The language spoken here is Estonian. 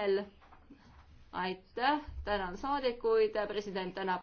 vahel. aitäh, tänan saadikuid, president tänab.